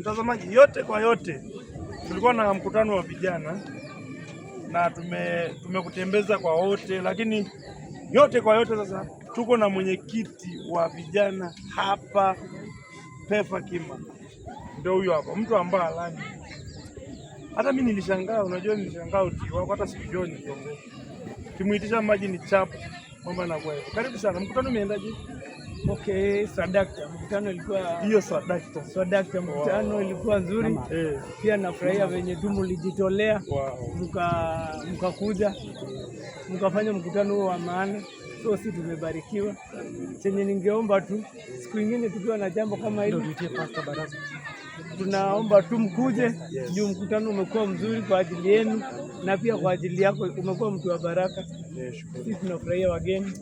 Mtazamaji, yote kwa yote, tulikuwa na mkutano wa vijana na tume tumekutembeza kwa wote, lakini yote kwa yote sasa tuko na mwenyekiti wa vijana hapa Pefa Kima, ndio huyo hapa, mtu ambaye alani hata mi nilishangaa, unajua nilishangaa uti wako, hata sikujua ni kiongozi. Kimuitisha maji ni chapu, mambo yanakuwa hivyo. Karibu sana, mkutano umeendaje? Okay, Swadakta mkutano ilikuwa hiyo. Swadakta Swadakta mkutano wow, ilikuwa nzuri hey. Eh. Pia nafurahia venye tu mlijitolea wow, mkakuja mkafanya mkutano huo wa maana, so si tumebarikiwa. Chenye ningeomba tu siku ingine tukiwa na jambo kama hili tunaomba tu mkuje, yes. Juu mkutano umekuwa mzuri kwa ajili yenu na pia kwa ajili yako umekuwa mtu wa baraka. Sisi tunafurahia wageni,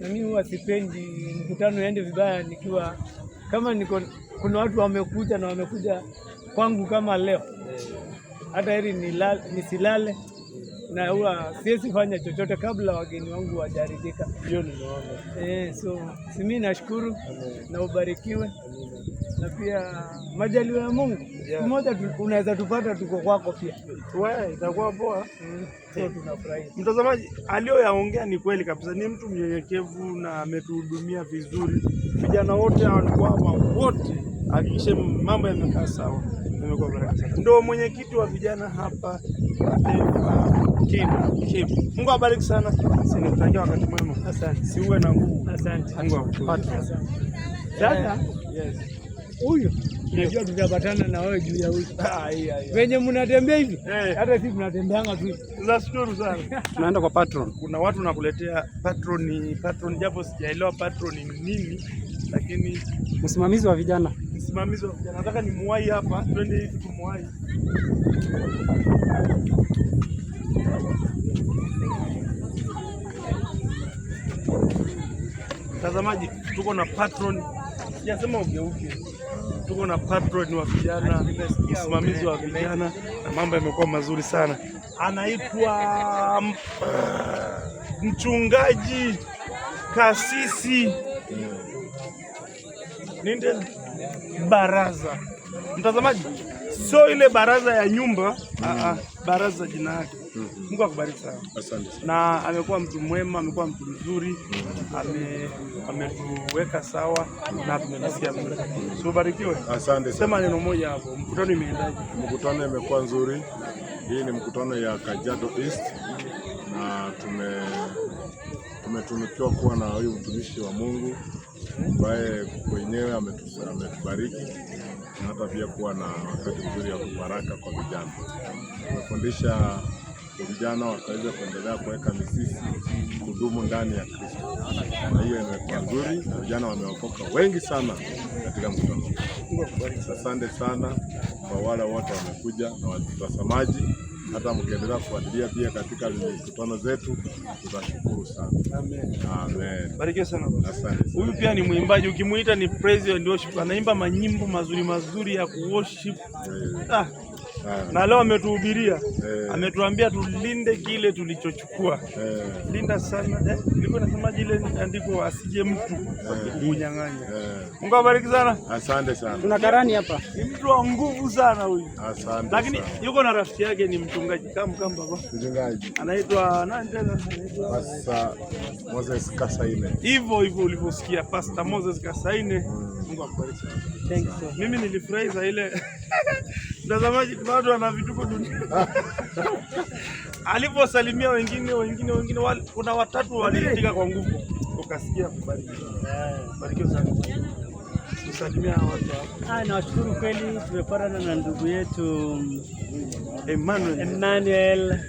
na mimi huwa sipendi mkutano yaende vibaya nikiwa kama niko, kuna watu wamekuja na wamekuja kwangu kama leo, hata heri nisilale na huwa siwezi fanya chochote kabla wageni wangu wajaridhika. Hiyo ninaona eh, so simi nashukuru na ubarikiwe Amen na pia majaliwa ya Mungu yeah. unaweza tupata tuko kwako pia, wewe itakuwa poa mm. tunafurahi mtazamaji, aliyoyaongea ni kweli kabisa, ni mtu mnyenyekevu na ametuhudumia vizuri. Vijana wote hawanikwama, wote hakikishe mambo yamekaa sawa, imekuwa baraka. Ndio mwenyekiti wa vijana hapa Kivu. Mungu abariki sana, sinikutakia wakati mwema. Asante, siuwe na nguvu. Asante, Mungu akupate sasa. Yes huyu najua tutapatana na wewe juu ya huyu ah, Venye mnatembea hivi, eh. hata sisi tunatembeanga tu. Nashukuru sana. Tunaenda kwa patron, kuna watu nakuletea patron. Patron japo sijaelewa patron ni nini, lakini msimamizi wa vijana, msimamizi wa vijana. Nataka ni muwai hapa, twende hivi tumuwai Mtazamaji, tuko na patron, sijasema ugeuke tuko na patron wa vijana, msimamizi wa vijana, na mambo yamekuwa mazuri sana. Anaitwa mm, mchungaji kasisi ninde baraza, mtazamaji, sio ile baraza ya nyumba mm -hmm. Baraza jina yake. Mhm. Mungu akubariki sana. Asante sana. Na amekuwa mtu mwema, amekuwa mtu mzuri, ametuweka sawa na tumemsikia vizuri. So barikiwe. Asante sana. Sema neno moja hapo, mkutano imeendaje? Mkutano imekuwa nzuri. Hii ni mkutano ya Kajiado East na tume tumetunukiwa kuwa na huyu mtumishi wa Mungu ambaye mwenyewe ametubariki na hata pia kuwa na wakati mzuri wa kubaraka kwa vijana kuwafundisha vijana wataweza kuendelea kuweka mizizi kudumu ndani ya Kristo, na hiyo imekuwa nzuri na vijana wameokoka wengi sana katika mkutano. Asante sana kwa wale wote wamekuja na watazamaji, hata mkiendelea kufuatilia pia katika mikutano zetu, tutashukuru sana. Amen. Amen. sana. Asante. Huyu pia ni mwimbaji, ukimuita ni praise and worship, anaimba manyimbo mazuri mazuri ya kuworship. Ah na leo ametuhubiria hey. Eh. Ametuambia tulinde kile tulichochukua hey. Eh. Linda sana eh, ilikuwa nasemaje ile andiko, asije mtu eh. kunyang'anya hey. hey. Mungu abariki sana, asante sana. Tuna karani hapa, ni mtu wa nguvu sana huyu, asante. Lakini yuko na rafiki yake, ni mchungaji kama kama baba mchungaji anaitwa nani tena, Pastor Moses Kasaine, hivyo hivyo ulivyosikia Pastor Moses Kasaine. Hmm. Mungu akubariki sana, thank you. Mimi nilifurahi za ile Mtazamaji, bado ana wana vituko dunia. Aliposalimia wengine wengine wengine, kuna watatu waliitika kwa nguvu, ukasikia kubarikiwa eh, sana. ah, nawashukuru kweli, tumepatana na ndugu yetu mm, Emmanuel, Emmanuel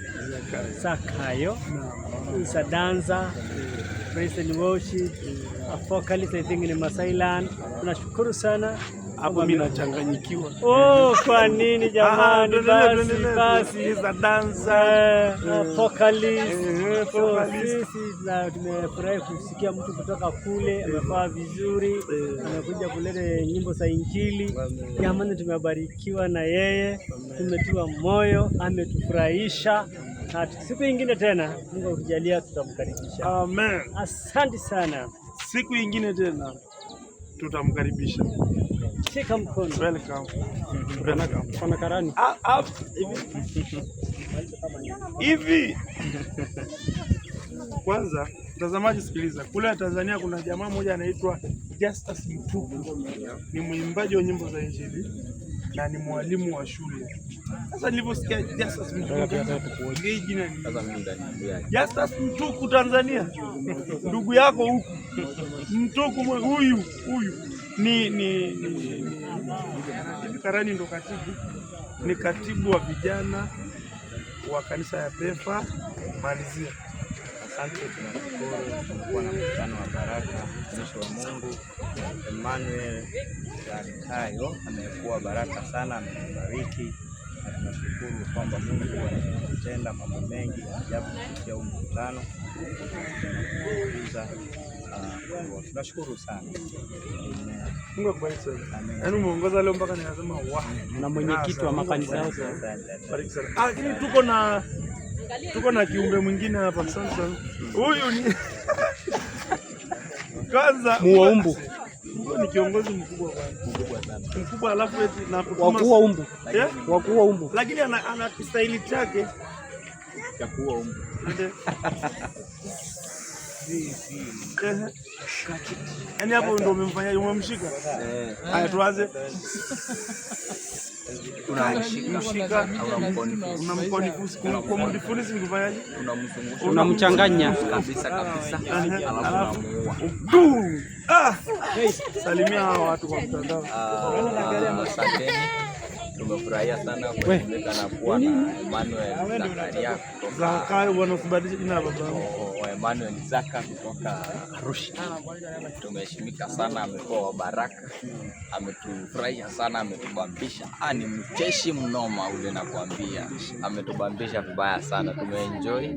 Sakayo Sadanza praise and worship, I think in Masailand. Tunashukuru sana hapo mimi nachanganyikiwa. Oh, kwa nini jamani? Ah, ah, basi basi za dansa eh, eh. eh, sisi na tumefurahi kusikia mtu kutoka kule amefaa vizuri, amekuja kuleta nyimbo za Injili. Jamani, tumebarikiwa na yeye, tumetiwa moyo, ametufurahisha siku ingine tena, Mungu akujalia, tutamkaribisha. Amen. Asante sana, siku ingine tena tutamkaribisha. Shika mkono. Welcome. Kuna karani. Ah, ah hivi kwanza, mtazamaji sikiliza, kule Tanzania kuna jamaa mmoja anaitwa Justus Mtuku, ni mwimbaji wa nyimbo za Injili na ni mwalimu wa shule. Sasa nilivyosikia Justus Justus Mtuku Tanzania, ndugu yako huku Mtuku huyu huyu ni ni, ni Karani ndo katibu, ni katibu wa vijana wa kanisa ya Pefa malizia. Asante, tunashukuru kuwa na mkutano wa baraka. Mtumishi wa Mungu Emmanuel Zakayo amekuwa baraka sana, amebariki na tunashukuru kwamba Mungu anatenda mambo mengi ajabu kupitia huu mkutano kuza Tunashukuru sana. Mungu akubariki sana. Yaani umeongoza leo mpaka ninasema wa. Na mwenyekiti wa makanisa yao. Bariki sana. Ah, lakini tuko na tuko na kiumbe mwingine hapa Samson. Huyu ni kwanza muombu. Ni kiongozi mkubwa mkubwa sana. Mkubwa alafu eti na wakuu umbu. Eh? Wakuu umbu. Lakini ana ana kistahili chake cha kuwa umbu. Yaani hapo ndo umemfanya umemshika. Eh. Haya tuanze. Unamshika, unamkonfusi nikufanyaje? Unamchanganya kabisa kabisa, alafu ah! salimia hawa watu kwa mtandao. Ah, Tumefurahia sana kutumika na kuwa yaani na Emmanuel Zakaria kutoka oh, oh, Emmanuel Zaka kutoka Arusha. Tumeheshimika sana, amekuwa wa baraka, ametufurahia sana, ametubambisha. Ah, ni mcheshi mnoma ule, nakwambia, ametubambisha vibaya sana. Tumeenjoy,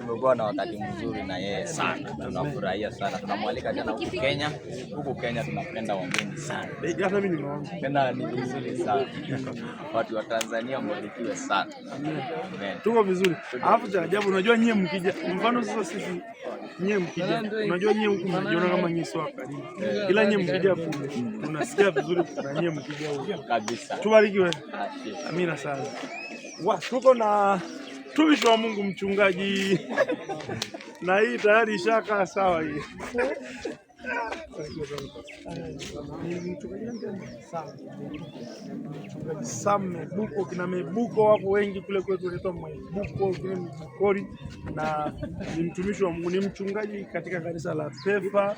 tumekuwa na wakati mzuri na yeye sana, tunafurahia sana. Tunamwalika tena huku Kenya, huku Kenya tunapenda wageni sana, tena ni vizuri sana watu wa Tanzania mbarikiwe sana. Tuko vizuri. Alafu cha ajabu unajua nyie mkija mfano sasa sisi nyie mkija unajua nyie huku mnajiona kama nyie sio wakali. Eh. Ila nyie mkija hapo unasikia vizuri na nyie mkija huko. Kabisa. Tubarikiwe. Ah, Amina sana. Wa tuko na mtumishi wa Mungu mchungaji na hii tayari ishakaa sawa hii Sam Mebuko, kina Mebuko wako wengi kule kwetu, anaitwa Mebuko kile Mbukori, na ni mtumishi wa Mungu, ni mchungaji katika kanisa la Pefa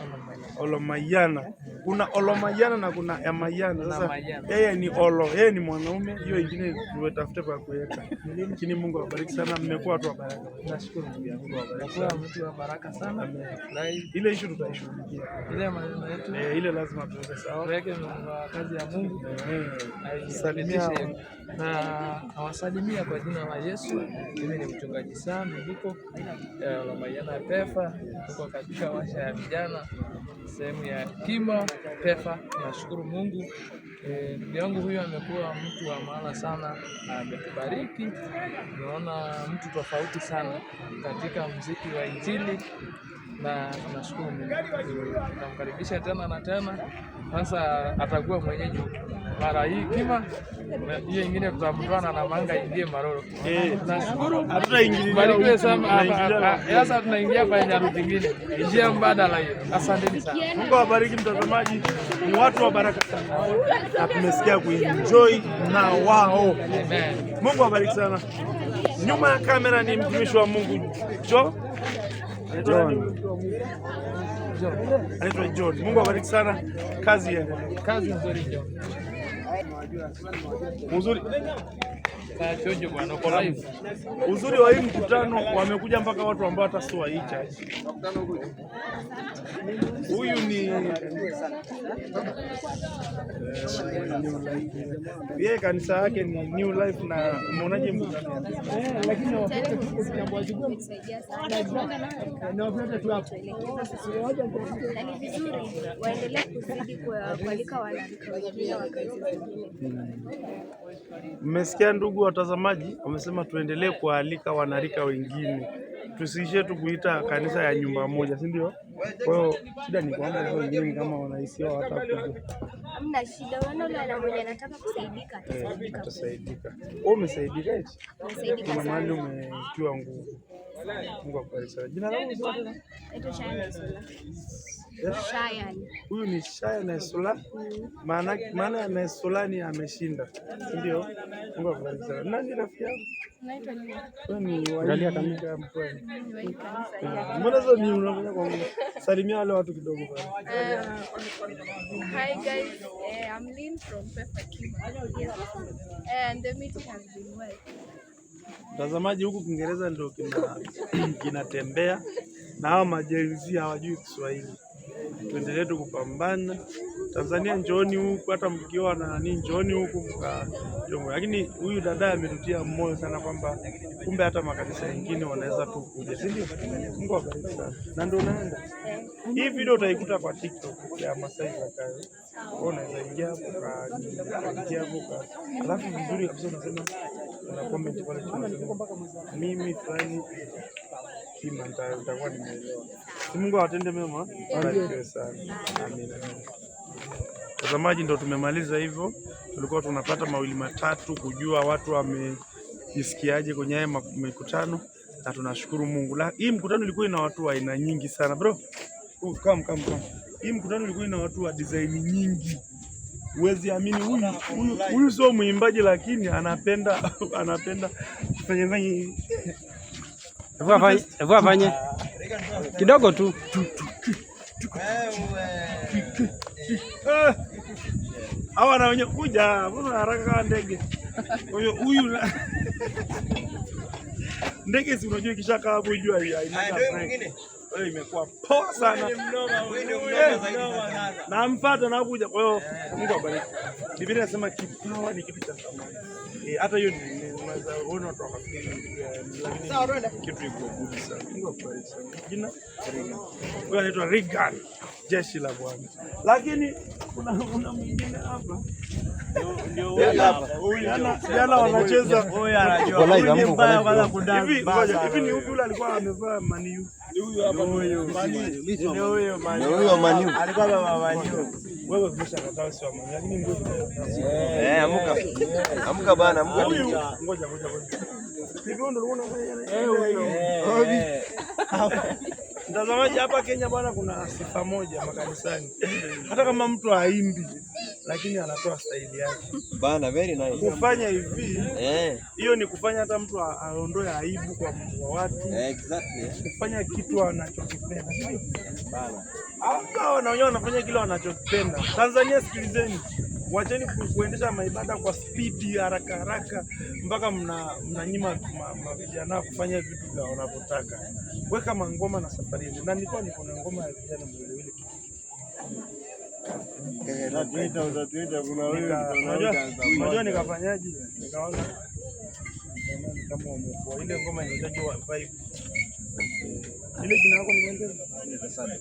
Olomayana. Kuna Olomayana na kuna Emayana. Sasa yeye ni Olo, yeye ni mwanaume, hiyo ingine tuwetafute pa kuweka, lakini Mungu awabariki sana, mmekuwa watu wa baraka. Nashukuru Mungu, Mungu awabariki sana, ile ishu tutaishughulikia ile maneno yetu eh, ile lazima tuweke sawa, kazi ya Mungu eh, na awasalimia kwa jina la Yesu. Mimi ni mchungaji Sam eh, niko Lomayana Pefa, tuko katika washa ya vijana sehemu ya Kima Pefa. Nashukuru Mungu. Eh, ndugu eh, yangu huyu amekuwa mtu wa maana sana, ametubariki. Naona mtu tofauti sana katika mziki wa Injili na tunashukuru Mungu, tunamkaribisha tena na tena. Sasa atakuwa mwenyeji mara hii kima hiyo ingine, tutamtwana na manga ingie Maroro. Eh. Nashukuru barikiwe sana. Ah, sasa tunaingia kwa nyaru zingine, njia mbadala hiyo. Asanteni sana, Mungu awabariki. Mtazamaji ni watu wa baraka sana, na tumesikia kuenjoy na wao. Mungu awabariki sana. Nyuma ya kamera ni mtumishi wa Mungu Jo John. Anaitwa John. Mungu awabariki sana. Kazi ya kazi nzuri John. Mzuri. Uzuri wa hii mkutano wamekuja mpaka watu ambao hata si waicha. Huyu ni eh, yeye, kanisa yake ni New Life na mwonaje mkutano? Mmesikia ndugu Ndugu watazamaji, wamesema tuendelee kuwaalika wanarika wengine tusiishie tu kuita kanisa ya nyumba moja, si ndio? Kwa hiyo shida ni kwamba wengine kama wanahisi hao hata hamna shida, wana mmoja anataka kusaidika, atasaidika. Eh, Wewe umesaidika eti? Umesaidika sana. Mahali umetiwa nguvu. Mungu akubariki sana. Jina lako ni langu eh? huyu ni Shaya na Sula. Maana maana na Sula ni ameshinda, si ndio? Mungu akubariki sana. Nani rafiki yako? Naitwa Juma. Wewe ni wa Mbona sasa mimi unafanya kwa nguvu? Salimia wale watu kidogo Hi guys, eh, I'm Lynn from Pepper And the meeting has been well. Mtazamaji, huku Kiingereza ndio kinatembea na hawa majenzi hawajui Kiswahili. Tuendelee tu kupambana. Tanzania njoni huku, hata mkiwa na nani njoni huku mkajongo. Lakini huyu dada ametutia moyo sana kwamba kumbe hata makanisa mengine wanaweza tu kuja, si ndio? Mungu akubariki sana, na ndio naenda. Hii video utaikuta kwa TikTok ya Masai Zakayo, unaweza ingia hapo kaingia hapo, alafu vizuri kabisa unasema na comment pale, chini, mimi fulani kima nitakuwa nimeelewa. Mungu awatende mema, barikiwe sana, amina. Watazamaji, ndo tumemaliza hivyo. Tulikuwa tunapata mawili matatu kujua watu wamejisikiaje kwenye haya mikutano, na tunashukuru Mungu. La, hii mkutano ilikuwa ina watu wa aina nyingi sana bro. Uh, come, come, come. Hii mkutano ilikuwa ina watu wa design nyingi, huwezi amini. Huyu huyu sio mwimbaji, lakini anapenda anapenda fanye fanye kidogo tu hawa na wenye kuja mbona haraka kama ndege huyu ndege, si unajua ikishakaa hapo Wewe imekuwa poa sana, Na nampata nakuja. Kwa hiyo eh. Mungu abariki. Biblia inasema kipawa ni kitu cha thamani, eh, hata hiyo ni unaweza kuona watu wakafikiri, lakini kitu iko gumu sana. Jina huyo anaitwa Regan, jeshi la Bwana. Lakini kuna mwingine hapa jana wanacheza hivi. Ni upi ule alikuwa amevaa maniu? Ni huyo hapa, huyo maniu alikuwa amevaa maniu wewe umeshakataa sio amani, lakini ngoja. Eh, amka. Amka bana, amka. Ngoja ngoja ngoja. Hivyo ndio unaona wewe. Eh, Mtazamaji, hapa Kenya bwana, kuna sifa moja makanisani, hata kama mtu haimbi lakini anatoa staili yake bana, very nice. Kufanya hivi eh. hiyo, ni kufanya hata mtu aondoe aibu kwa watu, exactly, kufanya kitu anachokipenda bana. Hawa wenyewe wanafanya kile wanachopenda. Tanzania, sikilizeni, wacheni kuendesha maibada kwa spidi haraka haraka mpaka mnanyima mna vijana kufanya vitu vya wanavyotaka. Weka mangoma na safari hizi, na nilikuwa niko na ngoma ya vijana mliwili eh, Unajua nikafanyaje? Nikaona kama wamefua ile ngoma, inahitaji vibe eh, ile. Jina lako ni nani?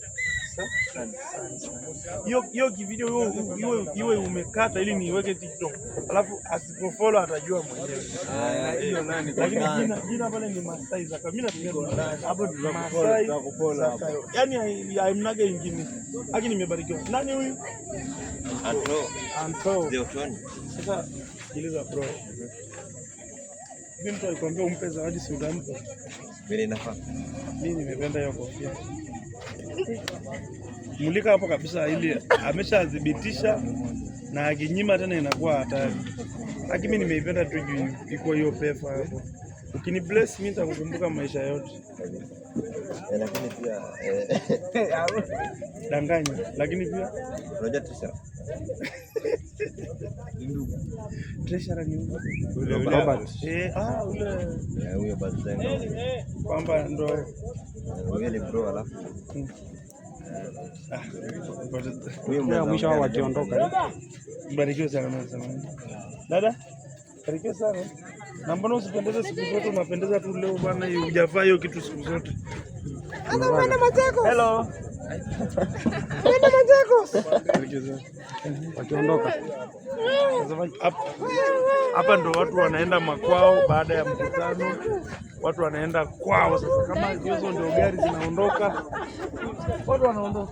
hiyo kivideo iwe umekata ili niweke TikTok, alafu asipofollow atajua mwenyewe. Ah, Lakini jina jina pale ni Masai Zaka, mimi natumia Masai Zaka, yani haimnaga ingine. Lakini nimebarikiwa nani huyu Anto, Anto, sasa jiliza bro mimi mtu alikwambia umpe zawadi, si utampa? Mimi ninafaa. Mimi nimependa hiyo kofia. Mulika hapo kabisa, ili ameshadhibitisha na akinyima tena inakuwa hatari. Lakini mimi nimeipenda tu juu iko hiyo pefa hapo. Ukini bless mimi nitakukumbuka maisha yote. Eh, lakini pia eh, danganya, lakini pia unajua tisa Eh, ah, eh, eh, Kwamba ndo huyo ni hmm. ah, mwisho wao wakiondoka. Mbarikiwe sana mwanzo. Dada? Mbarikiwe sana. Na mbona usipendeze siku zote, unapendeza tu leo bana, hujavaa hiyo kitu siku zote. Hello. Kwenda Machakos. Wakiondoka hapa, ndo watu wanaenda makwao baada ya mkutano, watu wanaenda kwao. Sasa kama hizo ndio gari zinaondoka, watu wanaondoka.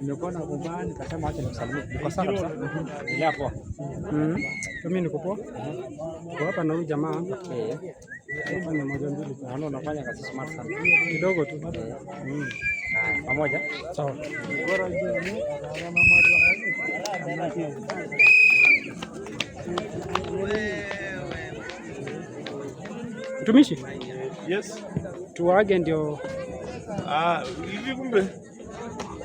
Nimekuwa na ubaya nikasema acha nimsalimie. Niko sawa kabisa. Nilea Mhm. Mimi niko poa. Kwa hapa na huyu jamaa. Eh. Ni moja mbili. Naona unafanya kazi smart sana. Kidogo tu. Mhm. Pamoja. Sawa. Bora Mtumishi? Yes. Tuage ndio Ah, hivi. Kumbe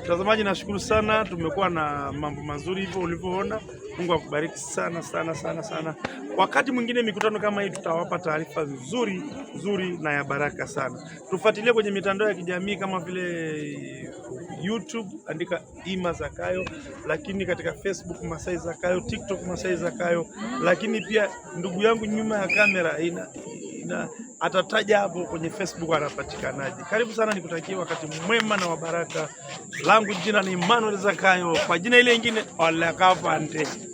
mtazamaji, nashukuru sana, tumekuwa na mambo mazuri hivyo ulivyoona. Mungu akubariki sana sana sana sana. Wakati mwingine mikutano kama hii tutawapa taarifa nzuri nzuri na ya baraka sana. Tufuatilie kwenye mitandao ya kijamii kama vile YouTube, andika Ima Zakayo, lakini katika Facebook Masai Zakayo, TikTok Masai Zakayo, lakini pia ndugu yangu nyuma ya kamera ina, ina atataja hapo kwenye Facebook anapatikanaje. Karibu sana, nikutakie wakati mwema na wabaraka. Langu jina ni Emmanuel Zakayo, kwa jina ile ingine Olekavante.